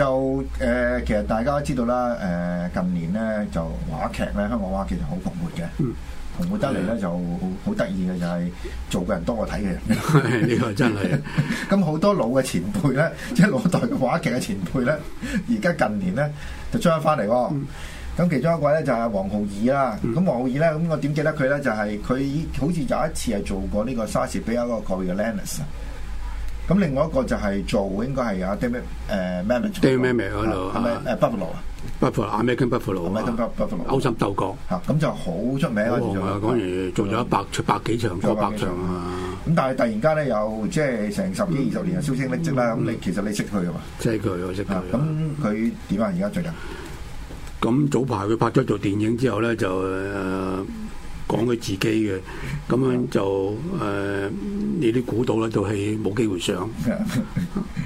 就誒、呃，其實大家都知道啦，誒、呃、近年咧就話劇咧，香港話劇就好蓬勃嘅。蓬勃得嚟咧就好好得意嘅就係、是、做嘅人多過睇嘅人。呢、嗯嗯、 個真係。咁好 多老嘅前輩咧，即係老代嘅話劇嘅前輩咧，而家近年咧就出一翻嚟喎。咁、嗯嗯、其中一個咧就係、是、黃浩義啦。咁黃浩義咧，咁、嗯、我點記得佢咧？就係、是、佢好似有一次係做過呢個莎士比亞嗰個《葛維爾奈斯》。咁另外一個就係做應該係阿啲咩 manager，a 咩名喺度啊？誒，北扶奴啊，北扶奴啊，麥金北扶奴啊，麥金北北扶奴啊，勾心鬥角嚇，咁就好出名啊！講完做咗一百百幾場個百場啊！咁但係突然間咧，有即係成十幾二十年又銷聲匿跡啦。咁你其實你識佢㗎嘛？識佢我識佢啊！咁佢點啊？而家最近咁早排佢拍咗做電影之後咧就。講佢自己嘅，咁樣就誒、呃，你啲估到咧套戲冇機會上，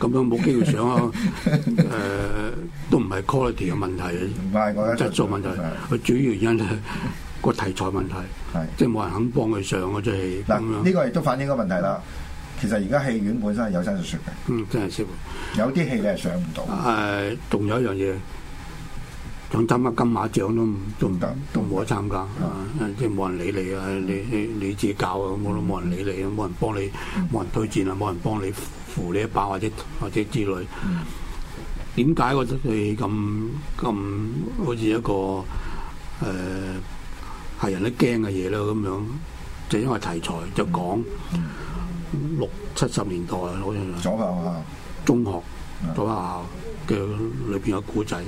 咁 樣冇機會上啊！誒、呃，都唔係 quality 嘅問題，質素問題，佢的主要原因就係個題材問題，的即係冇人肯幫佢上啊！就係嗱，呢樣個亦都反映個問題啦。其實而家戲院本身係有生有熟嘅，嗯，真係識喎，有啲戲你係上唔到，誒、呃，仲有一樣嘢。想參加金馬獎都唔都唔得，都冇得參加，即係冇人理你啊！你你自己教啊，咁我都冇人理你，冇、嗯、人幫你，冇人推薦啊，冇、嗯、人幫你扶你一把或者或者之類。點解、嗯、我覺得你咁咁好似一個誒係、呃、人都驚嘅嘢咯？咁樣就因為題材就講六七十年代嗰樣左派學校、嗯、中學左派學校嘅裏邊有古仔。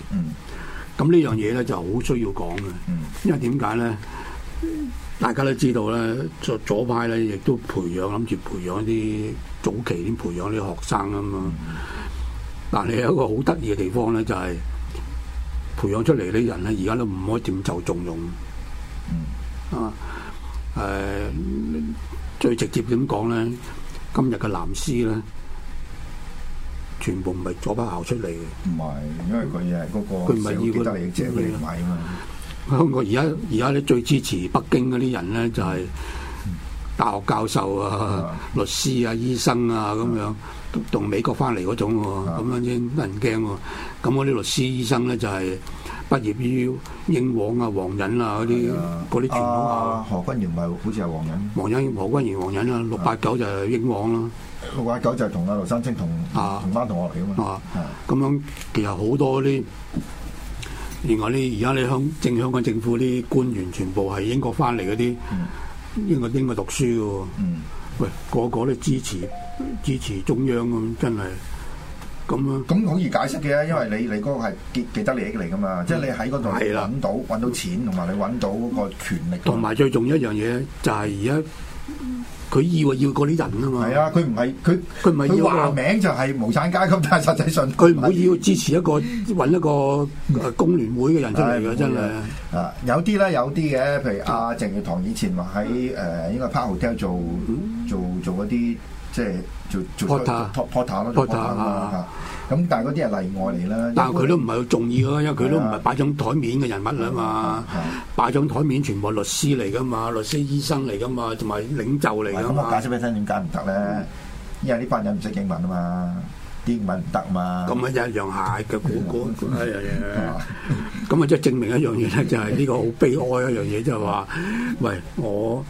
咁呢樣嘢咧就好、是、需要講嘅，因為點解咧？大家都知道咧，左左派咧亦都培養，諗住培養一啲早期啲培養啲學生啊嘛。但係有一個好得意嘅地方咧，就係、是、培養出嚟啲人咧，而家都唔可以點就重用。嗯、啊，誒、呃，最直接點講咧，今日嘅藍絲咧。全部唔係左派校出嚟嘅，唔係，因為佢係嗰個成幾多嚟車嚟買啊嘛！香港而家而家咧最支持北京嗰啲人咧就係、是、大學教授啊、啊律師啊、醫生啊咁樣，同美國翻嚟嗰種喎、啊，咁、啊、樣先得人驚喎。咁嗰啲律師、醫生咧就係、是、畢業於英皇啊、皇仁啊嗰啲嗰啲傳統啊，何君堯唔係，好似係皇仁。皇仁何君堯皇仁啊，六八九就係英皇啦。個阿九就係同阿劉生清同同班同學嘅嘛，咁樣其實好多啲。另外咧，而家你香正香港政府啲官員全部係英國翻嚟嗰啲，英國英國讀書嘅，嗯、喂，個個都支持支持中央嘅、啊，真係咁啊！咁好、嗯、易解釋嘅，因為你你嗰個係既得利益嚟噶嘛，即係、嗯、你喺嗰度揾到揾的到錢，同埋你揾到嗰個權力，同埋最重要一樣嘢就係而家。佢以為要嗰啲人啊嘛。係啊，佢唔係佢佢唔係要啊。話名就係無產階級，但實際上佢唔會要支持一個揾 一個工聯會嘅人出嚟㗎，是是真係的啊！有啲咧，有啲嘅，譬如阿鄭月堂以前話喺誒應該 Park Hotel 做做做嗰啲。即係做做 Porter 咁，但係嗰啲係例外嚟啦。但係佢都唔係好重要啊，因為佢都唔係擺上台面嘅人物啊嘛，擺上台面全部律師嚟㗎嘛，律師、醫生嚟㗎嘛，同埋領袖嚟㗎嘛。解釋俾佢聽點解唔得咧？因為呢班人唔識英文啊嘛，英文唔得啊嘛。咁啊一樣係嘅，嗰嗰嗰係啊！咁啊即係證明一樣嘢咧，就係呢個好悲哀一樣嘢，就係話，喂我。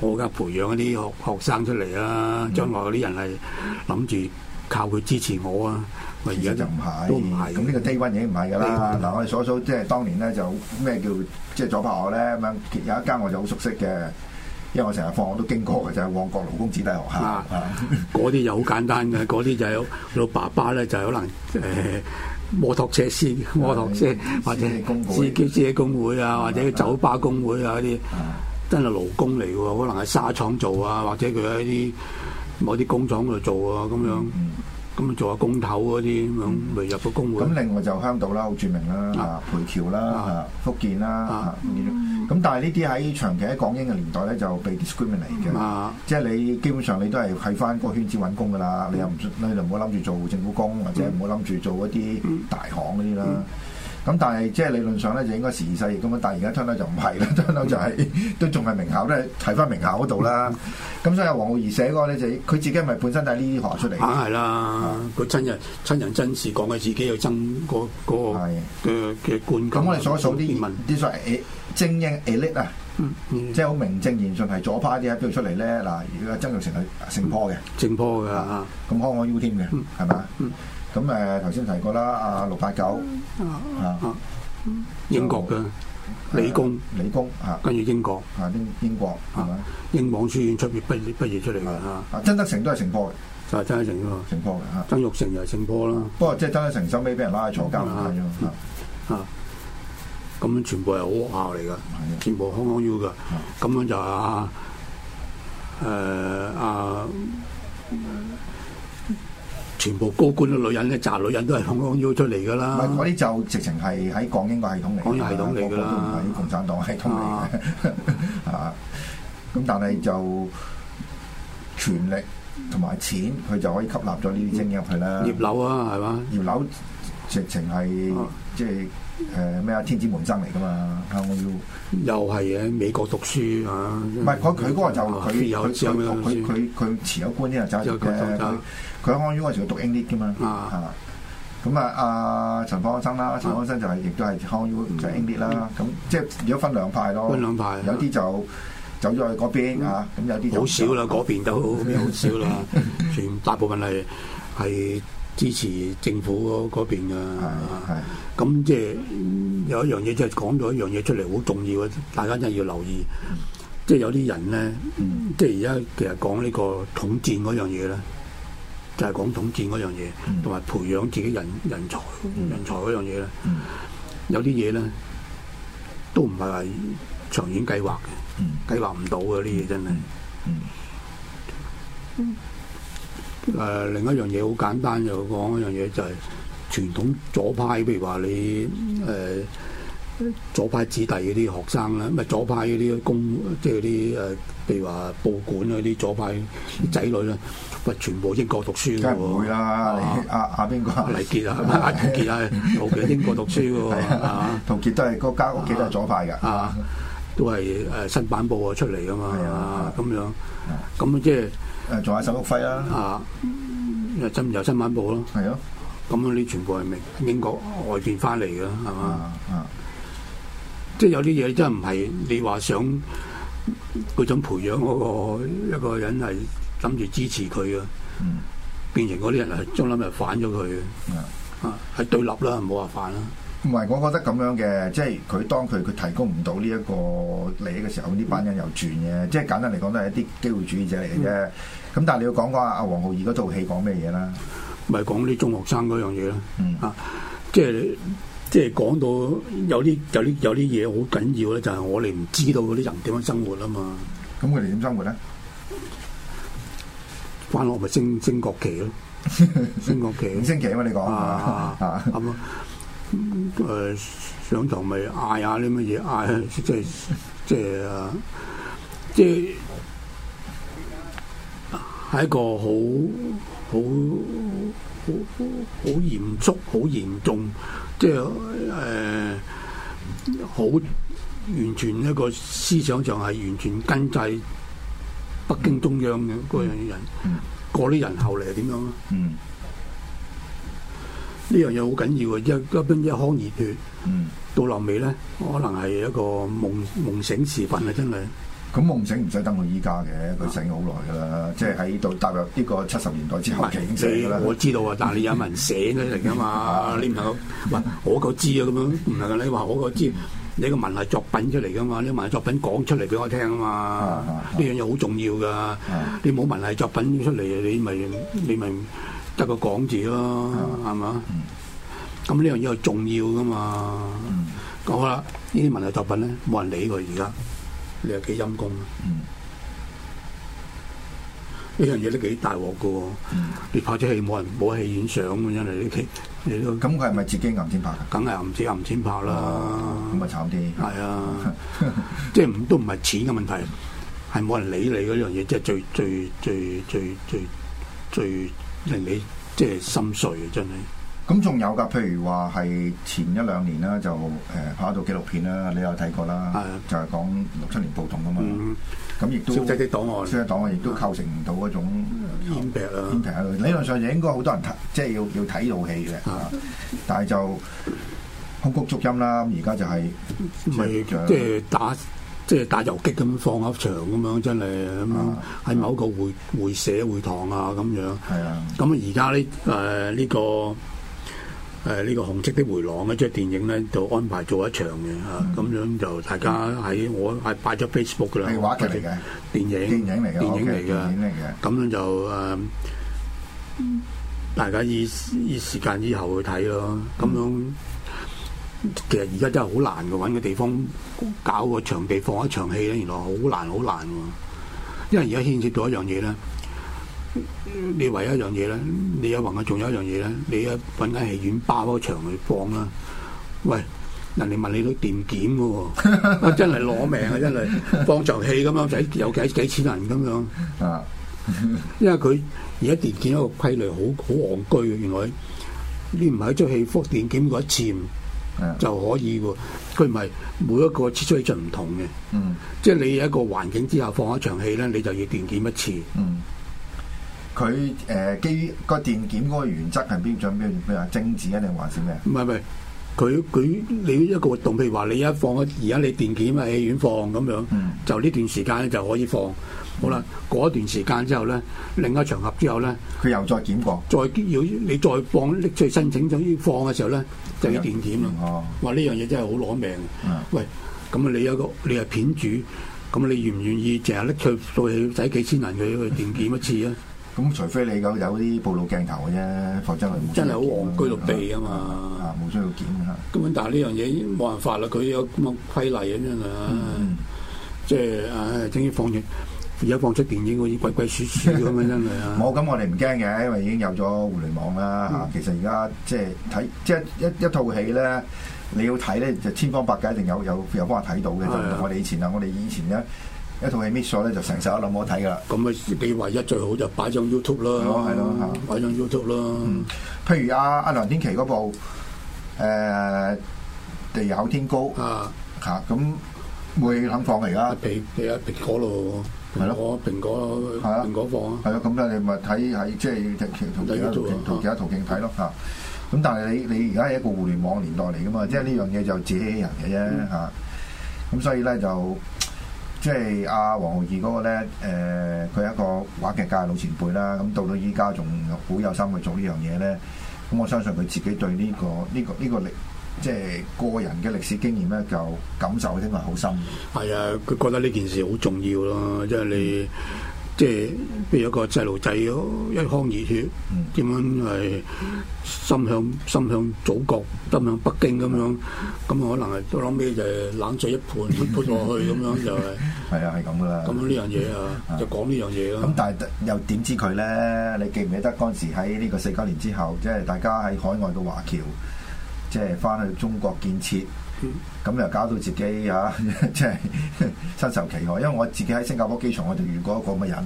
我而家培養一啲學學生出嚟啊！將來嗰啲人係諗住靠佢支持我啊不！我而家就唔係，都唔係。咁呢個低溫已經唔係㗎啦。嗱，我哋所數，即係當年咧就咩叫即係左派學咧咁樣，有一間我就好熟悉嘅，因為我成日放學都經過嘅，就係旺角勞工子弟學校。嗰啲就好簡單嘅，嗰啲就是、 老爸爸咧就可能誒摩、欸、托車先，摩托車、啊、或者司機司機嘅工會啊，或者酒吧工會啊啲。真係勞工嚟㗎喎，可能喺沙廠做啊，或者佢喺啲某啲工廠度做啊，咁樣咁啊做下工頭嗰啲咁樣，咪入個工會。咁、嗯、另外就香島啦，好著名啦嚇、啊啊，培僑啦嚇，福建啦嚇，咁但係呢啲喺長期喺港英嘅年代咧，就被 discriminate 嘅，嗯啊、即係你基本上你都係喺翻個圈子揾工㗎啦、嗯。你又唔咧就唔好諗住做政府工，或者唔好諗住做一啲大行嗰啲啦。咁但係即係理論上咧就應該時勢咁樣，但係而家吞樓就唔係啦，吞樓就係都仲係名校咧，睇翻名校嗰度啦。咁所以黃浩義寫嗰個咧就佢自己係咪本身係呢啲學出嚟？梗係啦，佢真人親人真事講佢自己有爭嗰嗰個嘅嘅冠軍。咁我哋所數啲啲所精英 elite 啊，即係好名正言順係左派啲啊，譬如出嚟咧嗱，如果曾玉成係姓坡嘅，姓坡㗎，咁 Hong Kong U 添嘅，係咪？咁誒頭先提過啦，阿六八九英國嘅理工，理工啊，跟住英國啊，英英國係咪？英皇書院出啲畢畢業出嚟㗎啊！啊，曾德成都係成科嘅，就係曾德成啫嘛，成科嘅嚇。曾鈺成又係成科啦，不過即係曾德成收尾俾人拉去坐監啦，啊啊！咁樣全部係好學校嚟㗎，全部康康 U 㗎，咁樣就啊，誒啊！全部高官嘅女人咧，渣女人都係烘烘要出嚟噶啦。嗰啲就直情係喺港英個系統嚟，個個都唔係共產黨系統嚟嘅。啊，咁、 啊、但係就權力同埋錢，佢就可以吸納咗呢啲精英入去啦。葉樓啊，係嘛？葉樓。直情係即係誒咩啊？天子門生嚟噶嘛？我要又係喺美國讀書嚇，唔係佢佢嗰個就佢佢佢佢佢辭咗官就係誒佢佢喺康院嗰陣時讀 English 噶嘛，係嘛？咁啊，阿陳方生啦，陳方生就係亦都係康院就 English 啦。咁即係如果分兩派咯，分兩派，有啲就走咗去嗰邊啊，咁有啲好少啦，嗰邊都咩好少啦，全大部分係係。支持政府嗰嗰邊嘅，咁即係有一樣嘢即係講咗一樣嘢出嚟，好重要啊！大家真係要留意。就是嗯、即係有啲人咧，即係而家其實講呢個統戰嗰樣嘢咧，就係、是、講統戰嗰樣嘢，同埋、嗯、培養自己人人才人才嗰樣嘢咧。嗯、有啲嘢咧，都唔係話長遠計劃嘅，計劃唔到嘅啲嘢真係。嗯嗯嗯誒、呃、另一樣嘢好簡單，就講一樣嘢，就係傳統左派，譬如話你誒、呃、左派子弟嗰啲學生啦，咪左派嗰啲公，即係啲誒，譬如話報館嗰啲左派仔女啦，唔、嗯、全部英國讀書㗎喎。係啦，阿阿邊個？黎傑啊，阿黎傑啊，冇嘅英國讀書㗎喎。阿陶傑都係嗰家屋企都係左派㗎。啊，都係誒新版報啊出嚟㗎嘛。係啊，咁樣咁即係。啊。誒，做下手續費啦。啊，誒，新又新聞報咯。係咯，咁樣啲全部係咪英國外邊翻嚟嘅？係嘛？即係有啲嘢真係唔係你話想嗰種培養嗰個一個人係諗住支持佢嘅，嗯、變成嗰啲人係將諗係反咗佢嘅。啊，係、啊、對立啦，冇話反啦。唔係，我覺得咁樣嘅，即係佢當佢佢提供唔到呢一個利益嘅時候，呢班人又轉嘅。即係簡單嚟講，都係一啲機會主義者嚟嘅啫。咁但係你要講講阿阿黃浩義嗰套戲講咩嘢啦？咪講啲中學生嗰樣嘢咯。嗯啊，即係即係講到有啲有啲有啲嘢好緊要咧，就係我哋唔知道嗰啲人點樣生活啊嘛。咁佢哋點生活咧？返學咪升升國旗咯，升國旗五星旗啊嘛！你講啊啊咁啊。咁誒、 嗯、上堂咪嗌下啲乜嘢嗌即係，即係，啊！即係，係一個好好好好嚴肅、好嚴重，即係，誒、呃、好完全一個思想上係完全跟制北京中央嘅嗰樣人，嗰啲、嗯嗯、人後嚟係點樣。樣啊？呢樣嘢好緊要啊，一一樽一腔熱血，到臨尾咧，可能係一個夢夢醒時分啊！真係，咁、嗯、夢醒唔使等到依家嘅，佢醒好耐噶啦，即係喺度，踏入呢個七十年代之後、啊、不我知道啊，但係、嗯、 你有文寫出嚟噶嘛？你唔好，唔係我個知啊咁樣，唔係、嗯啊、你話我個知，你個文藝作品出嚟噶嘛？你文藝作品講出嚟俾我聽啊嘛，呢樣嘢好重要噶，你冇文藝作品出嚟，你咪你咪。得個講好字咯，係嘛？咁呢樣嘢係重要噶嘛？講好啦，呢啲文藝作品咧，冇人理佢而家，你又幾陰功啊？呢樣嘢都幾大鑊噶，你拍咗戲冇人冇戲院相。真係你你都咁佢係咪自己硬先拍？梗係硬先硬先拍啦，咁啊炒啲係啊，即係都唔係錢嘅問題，係冇人理你嗰樣嘢，即係最最最最最最。令你即係心碎啊！真係咁仲有噶，譬如話係前一兩年啦，就誒拍一套紀錄片啦，你有睇過啦？是的 就係講六七年暴動噶嘛，咁亦、嗯、都少制啲檔案，少制檔案亦都構成唔到嗰種偏僻啊、偏僻啊。理論上亦應該好多人睇，即、就、係、是、要要睇到戲嘅。是的 啊、但係就空谷足音啦。而家就係即係打。即係打遊擊咁放一場咁樣，真係咁樣喺某個會會社會堂啊咁樣。係啊的。咁而家呢誒呢個誒呢、呃呢個紅色的回廊咧，即係、就是、電影咧，就安排做一場嘅嚇。咁、嗯、樣就大家喺我係擺咗 Facebook 㗎啦。係、嗯、話劇嚟嘅電影。電影嚟嘅，okay，電影嚟嘅。咁樣就誒，呃嗯、大家以依時間以後去睇咯。咁樣、嗯。其實而家真係好難嘅，搵個地方搞個場地放一場戲咧，原來好難好難嘅。因為而家牽涉到一樣嘢咧，你唯一一樣嘢咧，你有話我仲有一樣嘢咧，你啊搵間戲院包個場去放啦。喂，人哋問你都電檢嘅，真係攞命啊！真係放場戲咁樣，使有幾幾錢銀咁樣。啊，因為佢而家電檢一個規律，好好戇居嘅。原來你唔係出戲覆電檢過一次。 就可以喎，佢唔係每一個設出標準唔同嘅，嗯、即係你一個環境之下放一場戲咧，你就要電檢一次。佢誒、嗯呃、基於個電檢嗰個原則係邊種邊邊啊？政治啊定還是咩？唔係唔係，佢佢你一個活動，譬如話你一放啊，而家你電檢啊戲院放咁樣，嗯、就呢段時間咧就可以放。好啦，過一段時間之後咧，另一場合之後咧，佢又再檢過，再要你再放搦出去申請，咁要放嘅時候咧就要電檢啦。哦，話呢樣嘢真係好攞命。喂，咁啊，你有個你係片主，咁你願唔願意成日搦出去做嘢，使幾千銀去電檢一次啊？咁除非你有有啲暴露鏡頭嘅啫，否則係冇。真係好戇居落地啊嘛！冇需要檢啊！咁但係呢樣嘢冇辦法啦，佢有咁嘅規例咁樣啊，即係唉，終於放完。而家放出電影好似鬼鬼祟祟咁樣，真係啊！冇咁我哋唔驚嘅，因為已經有咗互聯網啦嚇。嗯、其實而家即係睇即係一一套戲咧，你要睇咧就千方百計一定有有有方法睇到嘅。就唔同我哋以前啊，我哋以前一一套戲 miss 咗咧，就成首一諗我睇噶啦。咁你你唯一最好就擺張 YouTube 啦，係咯，擺張 YouTube 啦。譬如阿、啊、阿梁天琦嗰部誒、呃、地厚天高啊嚇，咁我哋肯放嚟啦，俾俾阿嗰路。啊。係咯，蘋果蘋果，的蘋果放、就是、啊！係咯，咁咧你咪睇喺即係同其他途徑睇咯嚇。咁但係你你而家係一個互聯網年代嚟噶嘛？即係呢樣嘢就自己人嘅啫嚇。咁所以咧就即係阿黃浩義嗰個咧誒，佢係一個話劇界老前輩啦。咁到到依家仲好有心去做呢樣嘢咧。咁我相信佢自己對呢、呢個呢、呢個呢、呢個呢個呢個力。即係個人嘅歷史經驗咧，就感受應該好深。係啊，佢覺得呢件事好重要咯，即係你，即係譬如一個細路仔，一腔熱血，點、嗯、樣係心向心向祖國，心向北京咁樣，咁、嗯、可能係都諗咩就冷水一盤，潑落 去咁樣就係、是。係啊，係咁噶啦。咁樣呢樣嘢啊，就講、嗯、呢樣嘢咯。咁但係又點知佢咧？你記唔記得嗰陣時喺呢個四九年之後，即係大家喺海外嘅華僑？即係翻去中國建設，咁、嗯、又搞到自己啊，即係身受其害。因為我自己喺新加坡機場，我就遇過一個咁嘅人，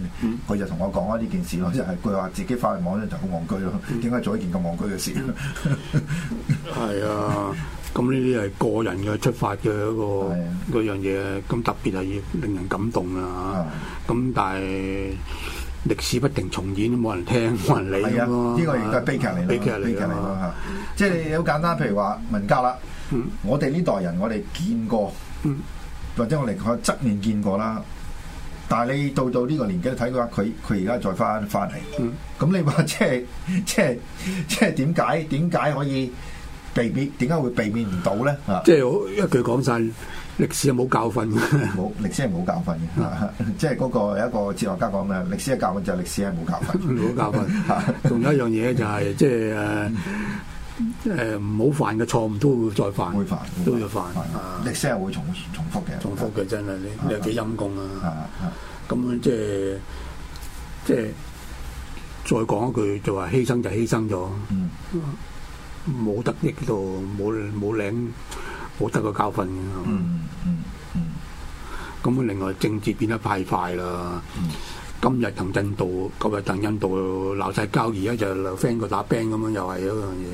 佢、嗯、就同我講啊呢件事咯，即係佢話自己翻去網上就好戇居咯，點解、嗯、做一件咁戇居嘅事？係、嗯、 啊，咁呢啲係個人嘅出發嘅一個嗰、啊、樣嘢，咁特別係要令人感動、嗯、啊！咁但係。歷史不停重演，冇人聽，冇人理啊，呢個亦都係悲劇嚟咯。悲劇嚟咯嚇，即係好簡單。譬如話文革啦、嗯，我哋呢代人我哋見過，嗯、或者我哋可能側面見過啦。但係你到到呢個年紀睇嘅話，佢佢而家再翻翻嚟，咁、嗯嗯、你話即係即係即係點解點解可以避免？點解會避免唔到咧？嚇、嗯！即係一句講晒。是是歷史係冇教訓嘅，冇歷史係冇教訓嘅，即係嗰個有一個哲學家講嘅，歷史嘅教訓就係歷史係冇教訓，冇教訓。仲有一樣嘢就係即係誒誒，唔好犯嘅錯誤都會再犯，會犯，都要犯。歷史係會重重複嘅，重複嘅，真係你你有幾陰功啊！咁樣即係即係再講一句，就話犧牲就犧牲咗，冇得益到，冇冇領。冇得個教訓嘅、嗯，嗯嗯嗯，咁、嗯、另外政治變得太快啦、嗯，今日同印度，今日同印度鬧晒交，而家就 friend 個打 band 咁樣，又係嗰樣嘢。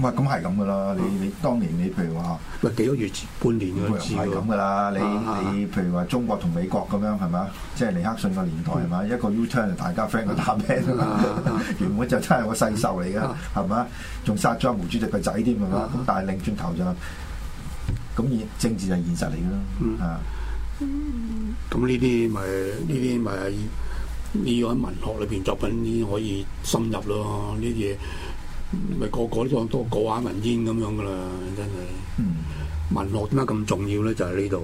喂，咁係咁噶啦，你你當年你譬如話，喂，幾個月、半年咁樣係咁噶啦。你你譬如話中國同美國咁樣係嘛，啊、吧即係尼克遜個年代係嘛、嗯，一個 U turn 大家 friend 個打 band，、嗯嗯、原本就真係個世仇嚟噶，係嘛、嗯，仲殺咗毛主席個仔添啊嘛，但係擰轉頭就。咁政治就係現實嚟嘅咯，啊，咁呢啲咪呢啲咪要要喺文學裏邊作品先可以深入咯，啲嘢咪個個都講多過眼雲煙咁樣噶啦，真係。文學點解咁重要咧？就喺呢度。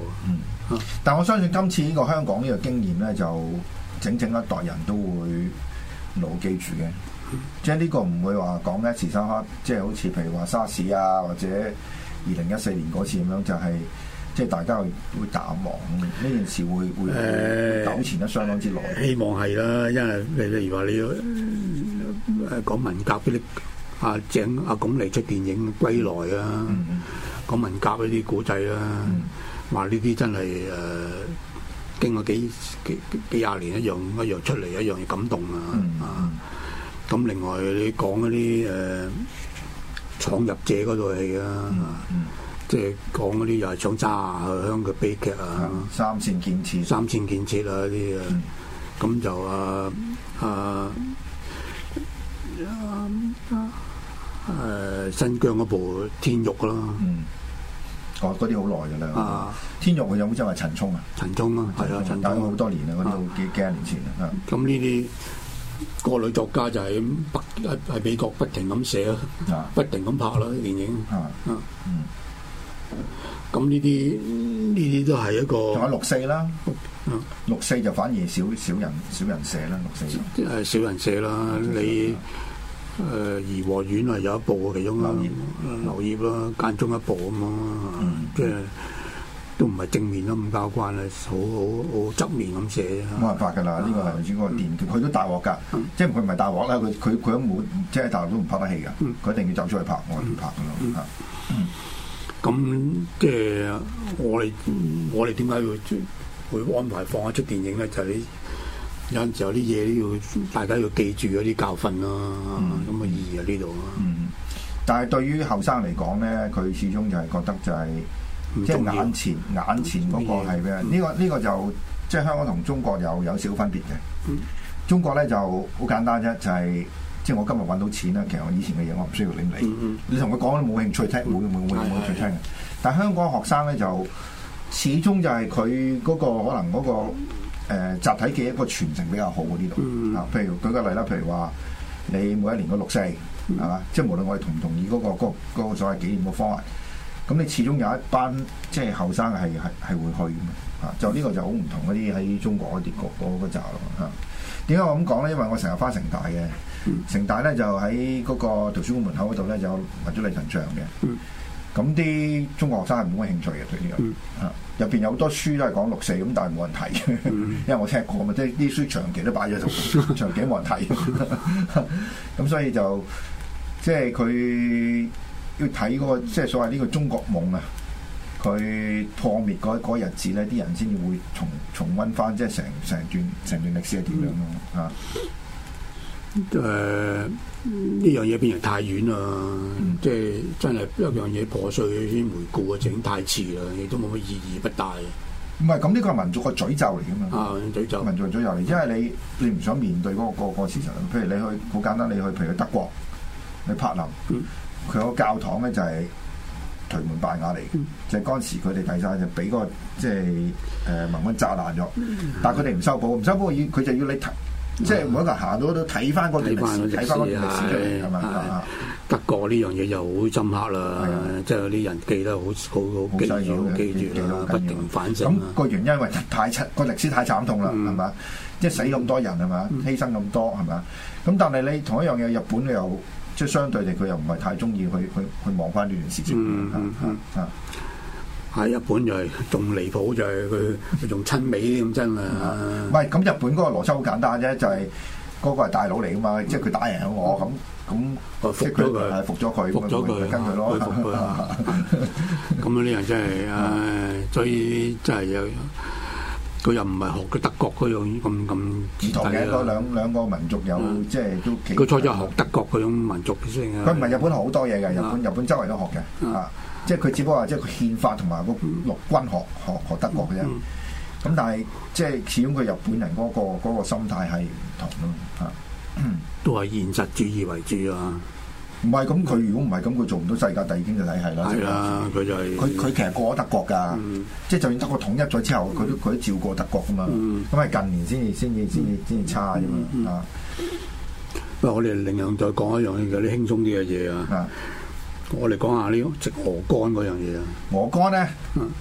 嗯，但我相信今次呢個香港呢個經驗咧，就整整一代人都會牢記住嘅。即係呢個唔會話講一時三刻，即係好似譬如話沙士啊，或者，二零一四年嗰次咁樣就係，即係大家會淡忘呢件事會會,會、欸、糾纏得相當之耐。希望係啦，因為你例如話你誒講文革嗰啲，阿鄭阿鞏俐出電影《歸來》啊、嗯，講、嗯、文革嗰啲古仔啊，話呢啲真係誒、呃、經過幾幾幾廿年一樣一樣,一樣一樣出嚟一樣要感動、嗯嗯嗯、啊！啊、嗯，咁另外你講嗰啲誒。呃呃闖入者嗰度嚟噶，即係講嗰啲又係想揸去香港嘅悲劇啊，三線建設，三線建設啊啲啊，咁就啊啊啊新疆嗰部天獄咯，嗯，哦嗰啲好耐㗎啦，天獄有好似係陳沖啊？陳沖啊，係啊，但係好多年啦，嗰啲幾幾年前啦，咁呢啲。個女作家就喺北喺喺美國不停咁寫咯，啊、不停咁拍啦電影。啊、嗯，咁呢啲呢啲都係一個。仲有六四啦。嗯、六四就反而少少人少人寫啦，六四。即係少人寫啦，啦你誒，《頤、呃、和園》係有一部嘅其中，留劉業燁啦間中一部咁樣，即係。嗯就是都唔係正面都咁交關咧，好，好，好，側面咁寫啊，冇辦法㗎啦，呢個係主要個電佢都大鑊㗎，即係佢唔係大鑊啦，佢佢佢都冇即係大陸都唔拍得戲㗎，佢一定要走出去拍外邊拍㗎咯，咁即係我哋我哋點解要會安排放一出電影咧？就係你有陣時候啲嘢都要大家要記住嗰啲教訓咯，咁嘅意義喺呢度咯。嗯，但係對於後生嚟講咧，佢始終就係覺得就係。即係眼前眼前嗰個係咩？呢個呢個就即係香港同中國有有少分別嘅。中國咧就好簡單啫，就係即係我今日揾到錢啦。其實我以前嘅嘢我唔需要你理。你同佢講都冇興趣聽，冇冇冇冇興趣聽。但係香港學生咧就始終就係佢嗰個可能嗰個誒集體記憶嘅傳承比較好嗰啲度。嗱，譬如舉個例啦，譬如話你每一年嘅六四係嘛，即係無論我哋同唔同意嗰個嗰所謂紀念嘅方案，咁你始終有一班即係後生係係係會去嘅嘛，啊，就呢個就好唔同嗰啲喺中國嗰啲個嗰個咋咯嚇。點解我咁講咧？因為我成日返城大嘅，城大咧就喺嗰個圖書館門口嗰度咧有民族歷史像嘅、嗯。咁啲中國學生係冇乜興趣嘅對呢、這、樣、個，啊，入邊有好多書都係講六四，咁但係冇人睇，嗯、 因為我聽過嘛，即係啲書長期都擺喺度，長期冇人睇，咁、 啊、所以就即係佢。要睇嗰、嗰個即係所謂呢個中國夢啊，佢破滅嗰日子咧，啲人先至會重重温翻，即係成成段成段歷史係點樣咯、嗯、啊！誒呢、嗯、樣嘢變成太遠啦，嗯、即係真係呢樣嘢破碎啲回顧啊，整太遲啦，亦都冇乜意義不大。唔係咁呢個係民族個詛咒嚟㗎嘛！啊，詛咒，民族詛咒嚟，因為你你唔想面對嗰、嗰個、嗰個個事實。譬如你去好簡單，你去譬如去德國，你柏林。嗯佢個教堂咧就係頹垣敗瓦嚟嘅，就係嗰陣時佢哋第晒，就俾嗰個即係誒盟軍炸爛咗，但係佢哋唔修補，唔修補佢就要你睇，即係每一個行到都睇翻嗰個歷史，睇翻嗰個歷史出嚟係嘛？德國呢樣嘢就好深刻啦，即係啲人記得好，好好記住記住啊，不斷反省咁個原因係太慘，個歷史太慘痛啦，係嘛？即係死咁多人係嘛？犧牲咁多係嘛？咁但係你同一樣嘢，日本又。即相對嚟，佢又唔係太中意去去去望翻呢件事情。嗯，喺日本就係仲離譜，就係佢佢仲親美咁真啊！唔係咁日本嗰個邏輯好簡單啫，就係嗰個係大佬嚟噶嘛，即係佢打贏我咁，咁服咗佢，服咗佢，服咗佢，服咗佢。咁啊！呢樣真係唉，所以真係有。嗯 佢又唔係學嘅德國嗰樣咁咁唔同嘅，嗰兩兩個民族有、嗯、即係都幾。佢初初學德國嗰種民族嘅啊。佢唔係日本學好多嘢嘅，日本、嗯、日本周圍都學嘅，啊、嗯，即係佢只不過即係佢憲法同埋個陸軍學學學德國嘅啫。咁、嗯嗯、但係即係始終佢日本人嗰、嗰個、嗰個心態係唔同咯，吓、嗯。嗯、都係現實主義為主啊。唔係咁，佢如果唔係咁，佢做唔到世界第二經濟體系啦。係、就、啦、是，佢就係佢佢其實過咗德國噶，嗯、即係就算德國統一咗之後，佢都佢都照過德國噶嘛。咁係、嗯、近年先至先至先至先至差啫嘛。嗯、啊！不過我哋另樣再講一樣有啲輕鬆啲嘅嘢啊。我嚟講下呢個食鵝肝嗰樣嘢啊！鵝肝咧，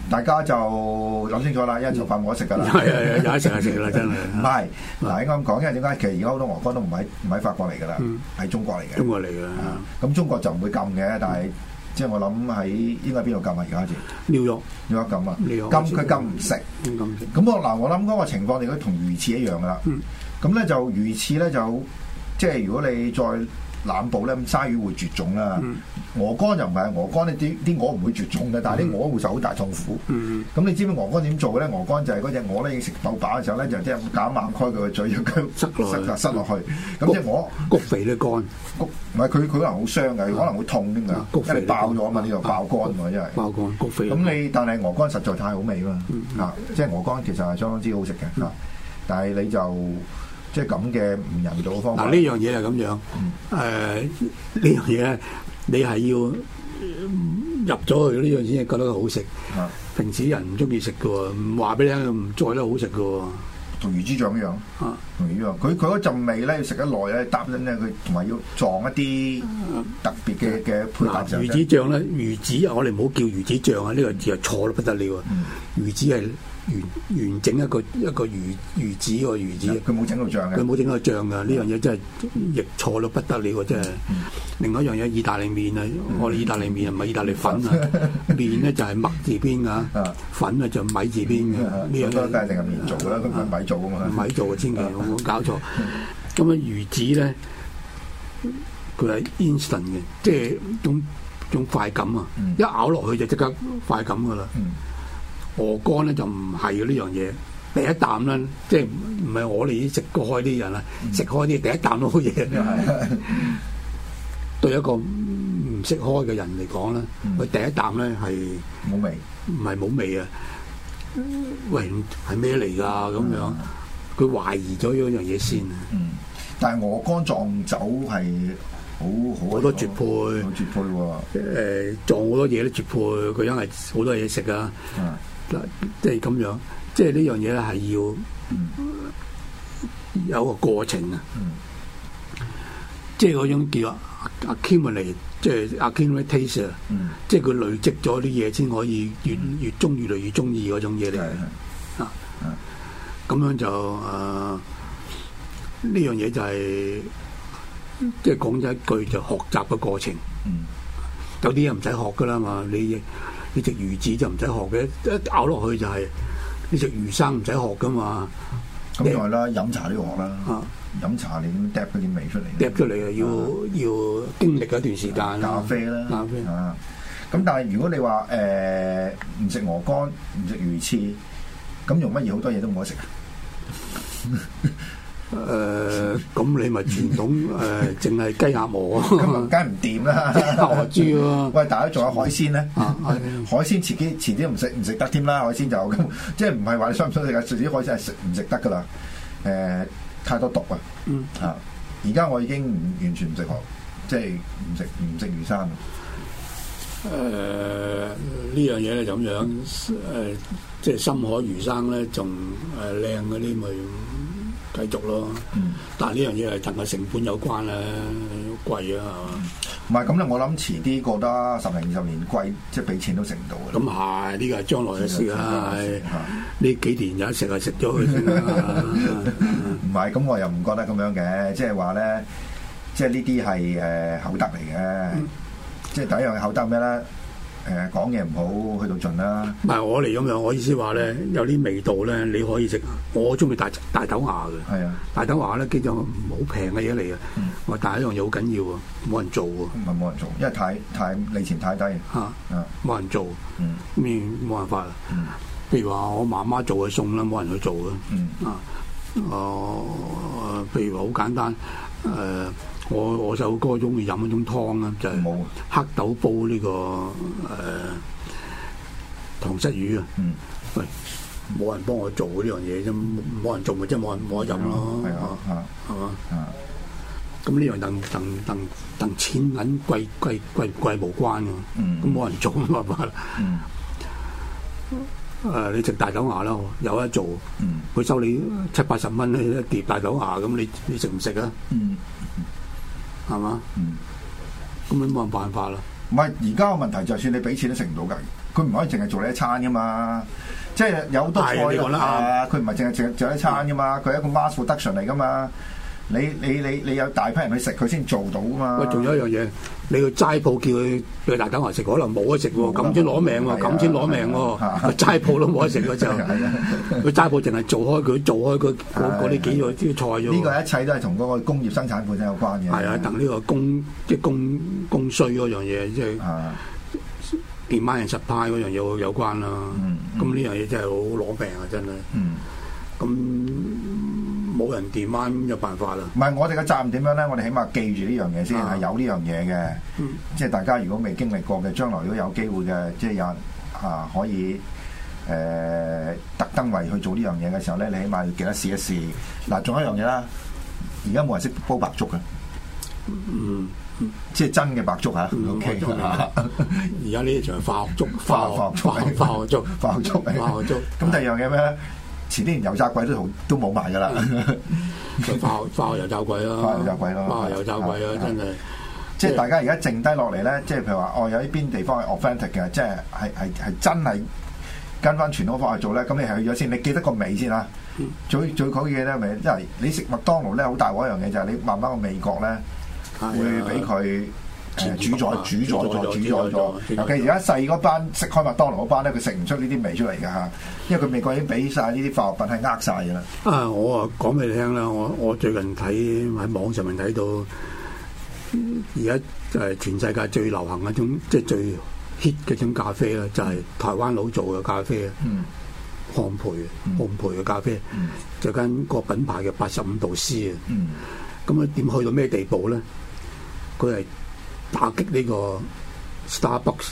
大家就諗清楚啦，因為做飯冇得食噶啦，係係係，有得食係食啦，真係。係，嗱啱咁講，因為點解？其實而家好多鵝肝都唔喺唔喺法國嚟㗎啦，喺中國嚟嘅。中國嚟嘅咁中國就唔會禁嘅，但係即係我諗喺應該喺邊度禁啊？而家好似，紐約，紐約禁啊！紐約禁，佢禁唔食。禁咁我嗱，我諗嗰個情況，你覺得同魚翅一樣㗎啦。咁咧就魚翅咧就即係如果你再。南部咧，咁鯊魚會絕種啦，鵝肝就唔係啊，鵝肝呢啲啲鵝唔會絕種嘅，但係啲鵝會受好大痛苦。咁你知唔知鵝肝點做嘅咧？鵝肝就係嗰隻鵝咧食豆把嘅時候咧，就即係打猛開佢個嘴，塞塞就塞落去。咁即隻鵝谷肥啲肝，谷唔係佢佢可能好傷嘅，可能會痛啲㗎，因為爆咗啊嘛，呢度爆肝喎，真係爆肝。谷肥。咁你但係鵝肝實在太好味啦，即係鵝肝其實係相當之好食嘅，但係你就。即係咁嘅唔人道嘅方法。嗱，呢樣嘢係咁樣，誒呢樣嘢咧，呃、你係要入咗去呢樣先覺得佢好食。啊、平時啲人唔中意食嘅喎，唔話俾你聽唔再得好食嘅喎，同魚子醬一樣。同魚啊，佢佢嗰陣味咧，食得耐咧，搭緊咧，佢同埋要撞一啲特別嘅嘅配搭。嗱、啊，魚子醬咧，魚子我哋唔好叫魚子醬啊，呢、呢個字錯得不得了不。嗯、魚子係。完完整一個一個魚魚子個魚子，佢冇整個醬嘅，佢冇整個醬噶。呢樣嘢真係亦錯到不得了，真係。另外一樣嘢，意大利麵啊，我哋意大利麵啊，唔係意大利粉啊，麵咧就係麥字邊噶，粉啊就米字邊嘅。呢樣都係意大利麵做嘅啦，都米做啊嘛。米做啊，千祈唔好搞錯。咁啊，魚子咧，佢係 instant 嘅，即係種種快感啊！一咬落去就即刻快感噶啦。鵝肝咧就唔係呢樣嘢，第一啖咧，即係唔係我哋已食、嗯、開啲人啦，食開啲第一啖都好嘢。對一個唔識開嘅人嚟講咧，佢第一啖咧係冇味，唔係冇味啊！喂，係咩嚟噶？咁樣佢懷疑咗樣樣嘢先啊！嗯嗯、但係鵝肝撞酒係好好多絕配，啊嗯、絕配誒，撞好多嘢都絕配，佢因為好多嘢食噶。即係咁樣，即係呢樣嘢咧，係要、嗯、有個過程、嗯、啊！即係嗰種叫 accumulation 即係 accumulation，即係佢累積咗啲嘢先可以越越中越嚟越中意嗰種嘢嚟。啊，咁樣就啊，呢、啊、樣嘢就係即係講咗一句就是、學習嘅過程。嗯、有啲嘢唔使學噶啦嘛，你。呢，食魚子就唔使學嘅，一咬落去就係呢，食魚生唔使學噶嘛。咁又係啦，飲茶都要學啦。飲、啊、茶你點嗒嗰啲味出嚟？嗒出嚟又要、啊、要經歷一段時間、啊。咖啡啦，咖啡啊。咁但係如果你話誒，唔食鵝肝唔食魚翅，咁用乜嘢好多嘢都唔可以食啊？ 誒，咁、呃、你咪傳統誒，淨係雞鴨鵝啊？咁梗唔掂啦，雞鴨 喂，大家做下海鮮咧。 海鮮遲啲遲啲唔食唔食得添啦，海鮮就即係唔係話你想唔想食啊？遲啲海鮮係食唔食得噶啦？誒、呃，太多毒啊！吓、嗯，而家我已經唔完全唔食河，即係唔食唔食魚生。誒，呢樣嘢，咧就咁樣，誒，即係深海魚生咧，仲誒靚嗰啲咪。繼續咯，但係呢樣嘢係同個成本有關啦、啊，貴啊嘛。唔係咁咧，我諗遲啲過得十零二十年貴，貴即係俾錢都食唔到嘅。咁係呢個將來嘅事啦，呢幾年有食啊食咗佢先。唔係咁我又唔覺得咁樣嘅，即係話咧，即係呢啲係誒口德嚟嘅，即係第一樣嘅口德咩咧？嗯誒，講嘢唔好去到盡啦。唔係我嚟，咁樣，我意思話咧，有啲味道咧，你可以食。我中意大大豆芽嘅。係啊，大豆芽咧，基本上唔好平嘅嘢嚟啊。我大一樣嘢好緊要啊，冇人做啊。唔係冇人做，因為太太利錢太低。吓、啊，啊，冇人做。嗯。冇辦法、啊媽媽啊啊啊。嗯。譬、嗯、如話我媽媽做嘅餸啦，冇人去做嘅、啊。嗯。啊，我、啊、譬如話好簡單，誒、呃。我我就嗰種鍾意飲一種湯啦、啊，就係、是、黑豆煲呢、這個誒塘虱魚啊。喂、嗯，冇、哎、人幫我做呢樣嘢啫，冇人做咪即係冇人冇得飲咯。係嘛？咁呢樣等等等等錢銀貴貴貴貴無關嘅，咁冇人做都麻煩你食大豆芽啦，有得做，佢、嗯、收你七八十蚊咧，一碟大豆芽咁，你你食唔食啊？嗯係嘛？嗯，咁咪冇辦法啦。唔係而家個問題，就算你俾錢都食唔到㗎。佢唔可以淨係做你一餐噶嘛。即係有好多菜啊，佢唔係淨係淨係做一餐噶嘛。佢、嗯、一個 mass production 嚟噶嘛。你你你你有大批人去食，佢先做到啊嘛。佢做咗一樣嘢。你去齋鋪叫佢叫大膽牛食，可能冇得食喎，咁先攞命喎，咁先攞命喎，齋鋪都冇得食嗰陣，佢齋鋪淨係做開佢做開佢嗰啲幾個啲菜。呢個一切都係同嗰個工業生產本身有關嘅。係啊，等呢個供即供供需嗰樣嘢，即係電馬人實派嗰樣嘢有有關啦。咁呢樣嘢真係好攞命啊，真係。咁。冇人掂啊，咁有辦法啦。唔係，我哋嘅責任點樣咧？我哋起碼記住呢樣嘢先係有呢樣嘢嘅。嗯，即係大家如果未經歷過嘅，將來如果有機會嘅，即係有啊，可以誒特登為去做呢樣嘢嘅時候咧，你起碼要記得試一試。嗱，仲有一樣嘢啦，而家冇人識煲白粥嘅，嗯，即係真嘅白粥嚇。O K，而家呢啲就係化學粥，化學粥，化學粥，化學粥，化學粥。咁第二樣嘢咩？前啲年油炸鬼都同都冇賣噶啦， 化化學油炸鬼咯，化學油炸鬼咯、啊，化，鬼啊、化學油炸鬼咯，真係。即係大家而家剩低落嚟咧，即、就、係、是、譬如話，哦，有啲邊地方係 authentic 嘅，即係係係係真係跟翻傳統嗰個去做咧。咁你係去咗先，你記得個味先啦、啊。最、嗯、最講嘅嘢咧，咪因為你食麥當勞咧，好大一樣嘢就係你慢慢個味覺咧，會俾佢。誒主煮咗了宰、煮咗了，宰咗了，尤其而家細嗰班食開麥當勞嗰班咧，佢食唔出呢啲味出嚟㗎吓，因為佢美國已經俾晒呢啲化學品係呃晒㗎啦。啊，我啊講俾你聽啦，我我最近睇喺網上面睇到，而家誒全世界最流行一種即係最 hit 嘅種咖啡咧，就係台灣佬做嘅咖啡啊，烘焙嘅烘焙嘅咖啡，就近個品牌嘅八十五度 C 啊、嗯，咁啊點去到咩地步咧？佢係～打擊呢個 Starbucks，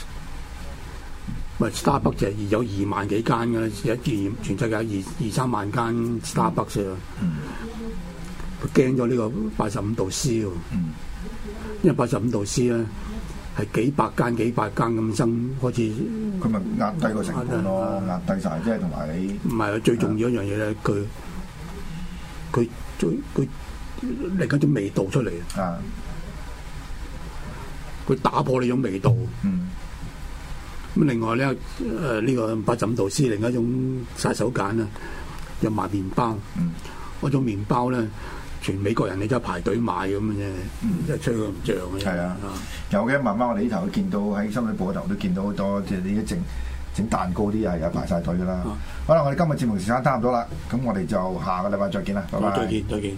咪 Starbucks 就係有二萬幾間嘅，一件，全世界有二二三萬間 Starbucks 啊、嗯！佢驚咗呢個八十五度 C 喎、嗯，因為八十五度 C 咧係幾百間幾百間咁增，開始佢咪壓低個成本咯，壓低晒。即係同埋你唔係啊！最重要一樣嘢咧，佢佢最佢嚟緊啲味道出嚟啊！佢打破呢種味道。嗯。咁另外咧，誒、呃、呢、呢個八枕導師另一種殺手鐧咧，又賣麵包。嗯。嗰種麵包咧，全美國人你都係排隊買咁嘅啫，即係吹佢唔脹。係啊。有嘅，慢慢我哋呢頭見到喺深水埗嗰頭都見到好多，即係啲整整蛋糕啲人又排曬隊㗎啦。嗯、好啦，我哋今日節目時間差唔多啦，咁我哋就下個禮拜再見啦。拜拜。再